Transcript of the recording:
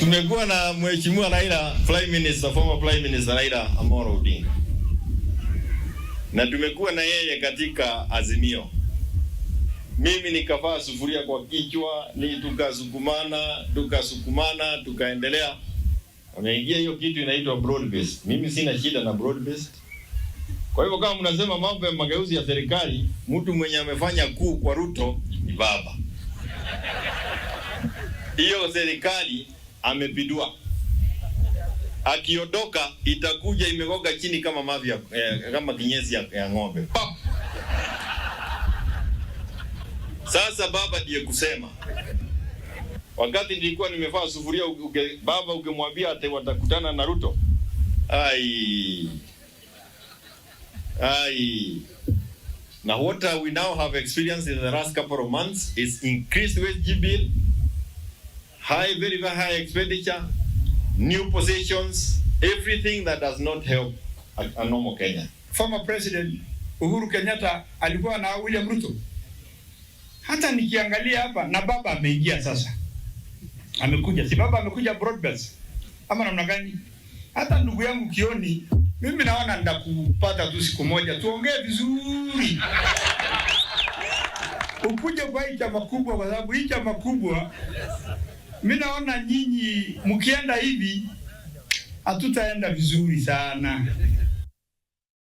Tumekuwa na mheshimiwa Raila Prime Minister, former Prime Minister Raila Amolo Odinga, na tumekuwa na yeye katika Azimio. Mimi nikavaa sufuria kwa kichwa, ni tukasukumana, tukasukumana, tukaendelea. Unaingia hiyo kitu inaitwa broad based. Mimi sina shida na broad based. Kwa hivyo kama mnasema mambo ya mageuzi ya serikali, mtu mwenye amefanya kuu kwa Ruto ni baba. Hiyo serikali amepindua, akiondoka itakuja imegoga chini kama mavi ya, eh, kama kinyesi ya, ya ng'ombe Sasa baba ndiye kusema wakati nilikuwa nimevaa sufuria uge, baba ukimwambia ate watakutana na Ruto ai ai na what we now have experienced in the last couple of months is increased wage bill high, very very high expenditure, new positions, everything that does not help a, a normal Kenya. Former President Uhuru Kenyatta alikuwa na William Ruto. Hata nikiangalia hapa na baba ameingia sasa. Amekuja, si baba amekuja broadband. Ama namna gani? Hata ndugu yangu Kioni, mimi naona nitakupata tu siku moja tuongee vizuri. Ukuje kwa hii chama kubwa kwa sababu hii chama kubwa mimi naona nyinyi mkienda hivi hatutaenda vizuri sana.